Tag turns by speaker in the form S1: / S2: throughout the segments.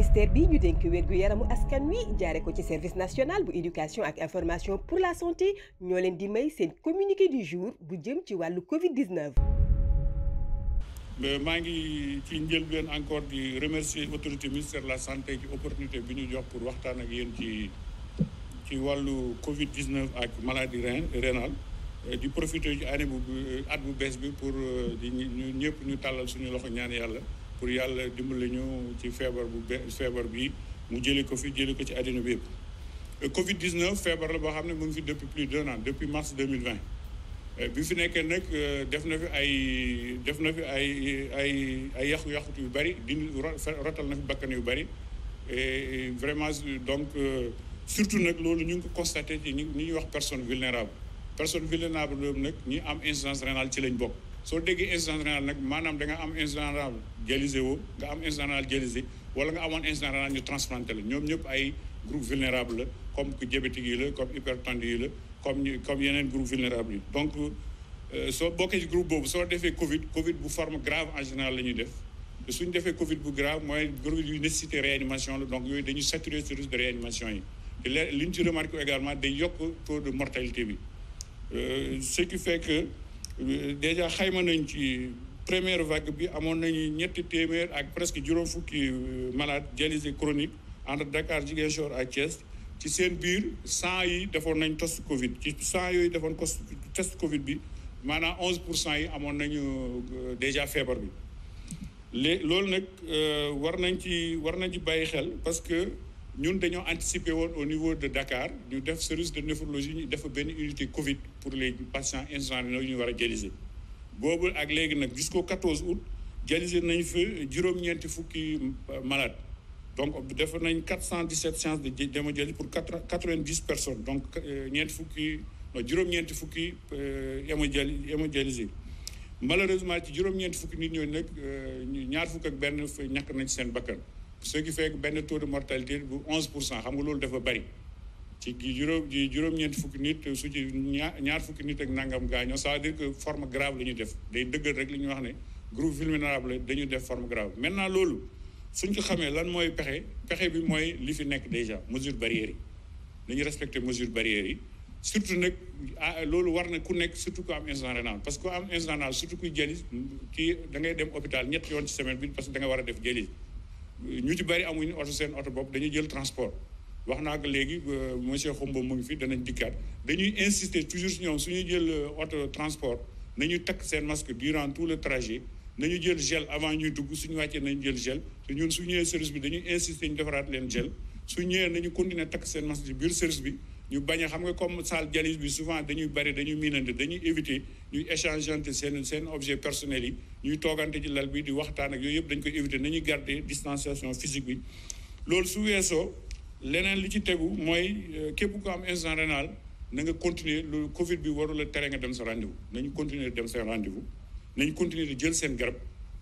S1: ministère bi ñu dénk wérgu yaramu askan wi jaare ko ci service national bu éducation ak information pour la santé ñoo leen di may seen communiqué du jour bu jëm ci wàllu Covid 19. mais maa ngi ci njëlbeen encore di remercier autorité ministère la santé ci opportunité bi ñu jox pour waxtaan ak yéen ci ci wàllu Covid 19 ak maladie rein rénale di profité ci année bu at bu bees bi pour euh, di ñëpp ñu tàllal suñu loxo ñaan yàlla. pour yàlla dimbali ñu ci feebar bu be feebar bi mu jëlee ko fi jëlee ko ci àddina bi yëpp euh, Covid 19 feebar la boo xam ne mu ngi fi depuis plus d'un an depuis mars 2020 euh, bi fi nekkee nag euh, def na fi ay def na fi ay ay ay yàqu-yàqutu yu bëri dindi rotal na fi bakkan yu bëri et vraiment donc surtout nag loolu ñu ngi ko constaté ci ñu ñuy wax personne vulnérable personne vulnérable loolu nag ñu am insuffisance rénale ci lañ bokk. soo déggee incident général nag maanaam danga am incident général dialysé nga am incident général dialysé wala nga amoon incident général ñu transplanté la ñoom ñëpp ay groupe vulnérable la comme que diabétique yi la comme hypertendu yi la comme ñu comme yeneen groupe vulnérable yi donc euh, soo bokkee ci groupe boobu soo defee covid covid bu forme grave en général la ñuy def suñ defee covid bu grave mooy covid yu nécessité réanimation la donc yooyu dañuy saturer service de réanimation yi te li ñu ci remarqué également day yokk taux de Euh, déjà xayma nañ ci première vague bi amoon nañu ñetti téeméer ak presque juróom fukki euh, malade dialysé chronique entre Dakar Ziguinchor ak Thiès ci seen biir cent yi defoon nañ test Covid ci cent yooyu defoon test Covid bi maanaa onze pour cent yi amoon nañu euh, déjà feebar bi léegi loolu nag war nañ ci war nañ ci bàyyi xel parce que. ñun dañoo anticiper woon au niveau de Dakar ñu def service de néphrologie ñu def benn unité Covid pour les patients instantanés yu ñu war a dialyser boobu ak léegi nag jusqu'au 14 août dialyser nañ fa juróom-ñeenti fukki euh, malade donc def nañ 417 séances de d'hémodialyse pour 90 personnes donc euh, ñeenti fukki juróom-ñeenti fukki euh, hémodialysés malheureusement ci juróom-ñeenti fukki nit ñooñu nag ñaar fukk ak benn ñàkk nañu seen bakkan ce qui fait benn taux de mortalité bu 11 pour cent xam nga loolu dafa bari ci juróom juróom-ñeenti fukki nit su ci ñaar fukki nit ak nangam gaañoo ça veut dire que forme grave la ñuy def day dëggal rek li ñuy wax ne groupe vulnérable dañu def forme grave maintenant loolu suñ ko xamee lan mooy pexe pexe bi mooy li fi nekk déjà mesure barrières yi dañu respecter mesure barrières yi surtout nag loolu war na ku nekk surtout ku am insuffisance rénale parce que ku am insuffisance rénale surtout kuy dialyse kii da ngay dem hôpital ñett yoon bi parce que da war a def dialyse ñu ci bari amuñu oto seen oto bopp dañuy jël transport wax naa ko léegi euh, monsieur Xumba mu ngi fii danañ dikkaat dañuy insister toujours si ñoom suñu jël euh, oto transport nañu takk seen masque durant tout le trajet nañu jël gel avant ñuy dugg suñu wàccee nañu jël gel te su ñëwee service bi dañuy insister ñu defaraat leen gel su ñëwee nañu continuer takk seen masque ci biir service bi ñu bañ a xam nga comme salle dialyse bi souvent dañuy bari dañuy miinante dañuy éviter ñuy échangeante seen seen objet personnel yi ñuy toogante ci lal bi di waxtaan ak yooyu yëpp dañ koy éviter nañuy garder distanciation physique bi loolu su weesoo leneen li ci tegu mooy euh, képp ko am insuffisance rénale na nga continuer lu Covid bi warul la tere nga dem sa rendez-vous nañu continuer dem seen rendez-vous nañu continuer di jël seen garab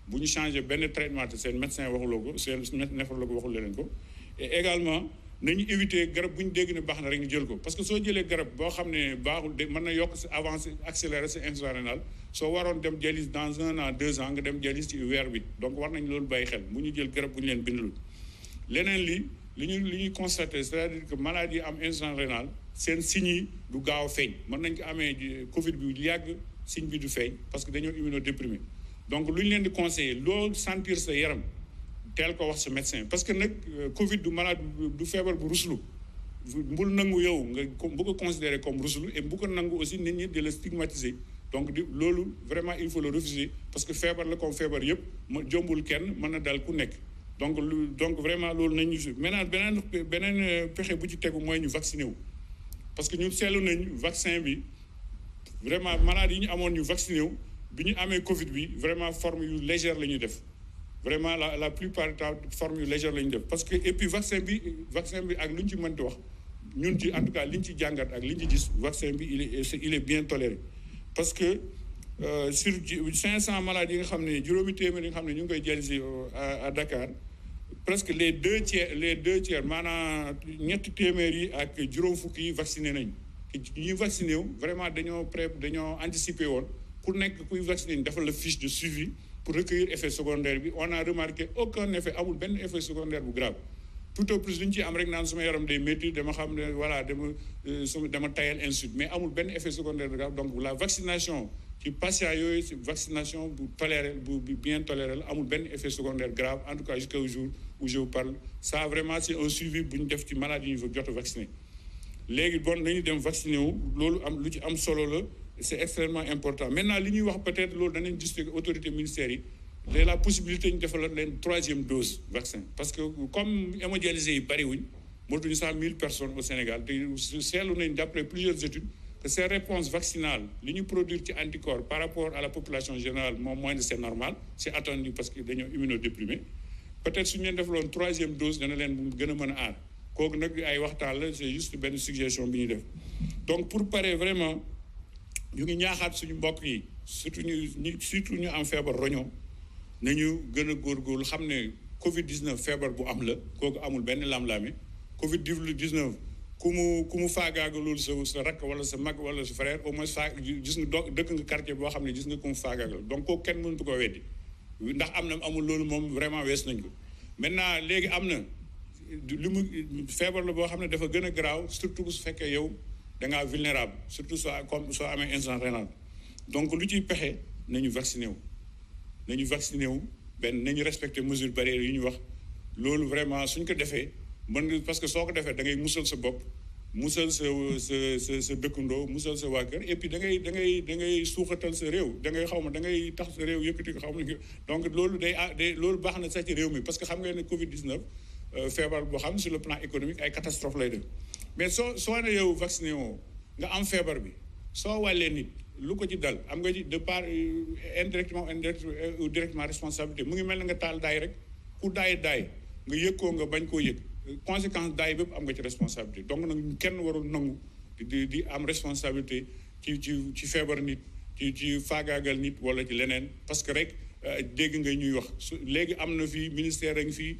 S1: bu ñu changer benn traitement te seen médecin waxuloo ko seen néphrologue waxul leen ko et également nañu éviter garab bu ñu dégg ne baax na rek ñu jël ko parce que soo jëlee garab boo xam ne baaxul de mën na yokk si avancé accélérer sa insuffisance rénale soo waroon dem dialyse dans un an deux ans nga dem dialyse ci weer bi donc war nañu loolu bàyyi xel mu ñu jël garab bu ñu leen bindalul leneen li li ñu li ñuy constaté c'est-à-dire que maladie yi am insuffisance rénale seen signe yi du gaaw a feeñ mën nañ ko amee covid bi yàgg signe bi du feeñ parce que dañoo immunodéprimé donc lu ñu leen di conseiller loo sentir sa yaram teel ko wax sa médecin parce que nag euh, Covid du malade du feebar bu ruslu mbul nangu yow nga bu ko considérer comme ruslu et bu ko nangu aussi nit ñi di la stigmatiser donc di loolu vraiment il faut le refuser parce que feebar la comme feebar yëpp ma jombul kenn mën na dal ku nekk donc lu donc vraiment loolu nañu ñu maintenant beneen beneen euh, pexe bu ci tegu mooy ñu vacciner wu parce que ñun seetlu nañu vaccin bi vraiment malade yi ñu amoon ñu vacciné wu bi ñu amee Covid bi vraiment forme yu légère la ñuy def vraiment la la plupart du temps forme yu légère la ñu def parce que et puis vaccin bi vaccin bi ak lu ñu ci mënti wax ñun ci en tout cas li ñu ci jàngat ak li ci gis vaccin bi il est il est bien toléré parce que euh, sur cinq cent malades yi nga xam ne juróomi téeméer yi nga xam ne ñu ngi koy jël si euh, à Dakar presque les deux tiers les deux tiers maanaa ñetti téeméer yi ak juróom fukk yi vacciné nañ yi vacciné wu vraiment dañoo pré dañoo anticiper woon ku nekk kuy vacciné dafa la fiche de suivi pour recueillir effet secondaire bi on a remarqué aucun effet amul benn effet secondaire bu grave tout au plus li ñu ci am rek naan suma yaram day métti dama xam ne voilà dama euh, su dama tayal insulte mais amul benn effet secondaire bu grave donc la vaccination ci patient yooyu vaccination bu toléré bu bien toléré la amul benn effet secondaire grave en tout cas jusqu'au jour où je vous parle ça vraiment c'est un suivi bu def ci maladie jot a vacciné léegi bon nañu dem vacciné loolu am lu ci am solo la c' est extrêmement important maintenant li ñuy wax peut-être loolu danañ discuter autorité ministère yi de la que comme hémodialysés yi bariwuñ motuñu cent mille personnes au ñu produire ci anticorps par rapport à la population générale moom moins de c' est normal c' est attendu parce que dañoo immunodéprimé peut-être leen defaloon troisième dose dana leen gën a mën a aar kooku nag ay waxtaan la c' est benn suggestion bi ñuy def donc pour parer vraiment ñu ngi ñaaxaat suñu mbokk yi surtout ñu surtout ñu am feebar roño nañu gën a góor góorgóorlu xam ne Covid 19 feebar bu am la kooku amul benn lam-lame Covid 19 ku mu ku mu faagaagalool sa sa rakk wala sa mag wala sa frère au moins faa gis nga do dëkk nga boo xam ne gis nga ku mu donc kooku kenn mënut ko weddi ndax am na amul loolu moom vraiment wees nañ ko maintenant léegi am na li mu feebar la boo xam ne dafa gën a garaaw surtout su fekkee yow. da ngaa vulnérable surtout soo comme soo amee insuffisance rénale donc lu ciy pexe nañu vacciné wu nañu vacciné wu benn nañu respecté mesure barrière yu ñu wax loolu vraiment suñ ko defee mën nga parce que soo ko defee da ngay musal sa bopp musal sa sa sa sa dëkkandoo musal sa waa kër et puis da ngay da ngay da ngay suuxatal sa réew da ngay xaw ma da ngay tax sa réew yëkkati ko xaw ma donc loolu day ah, day loolu baax na sax ci réew mi parce que xam nga ne Covid 19 euh, feebar boo xam si le plan économique ay catastrophe lay def mais soo soo ne yow vacciné woo nga am feebar bi soo wallee nit lu ko ci dal am nga ci de part euh, indirectement indirect euh, ou directement responsabilité mu ngi mel na nga taal daay rek ku daay daay nga yëg koo nga bañ koo yëg conséquence daay bépp am nga ci responsabilité donc nag kenn warul nangu di di am responsabilité ci ci ci feebar nit ci ci faagaagal nit wala ci leneen parce que rek euh, dégg nga ñuy wax su léegi am na fii ministère a ngi fii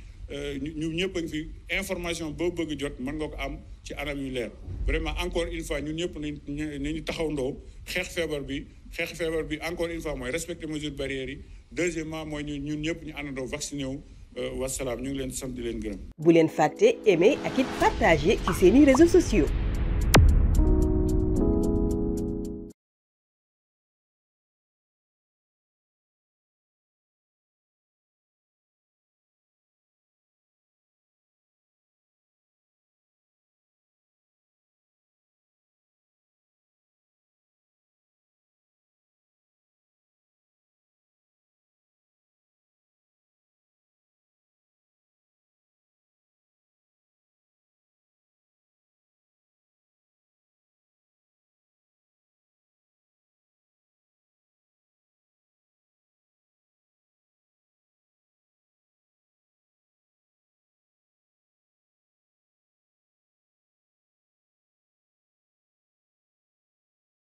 S1: ñu ñëpp a ngi fii information boo bëgg jot mën nga ko am ci anam yu leer vraiment encore une fois ñun ñëpp nañu nañu taxaw ndoo xeex feebar bi xeex feebar bi encore une fois mooy respecter mesures barrières yi deuxièmement mooy ñu ñun ñëpp ñu àndandoo vacciné wu euh, wasalaam ñu ngi leen sant di leen gërëm. bu leen fàtte aimer ak it partager ci seeni réseaux sociaux.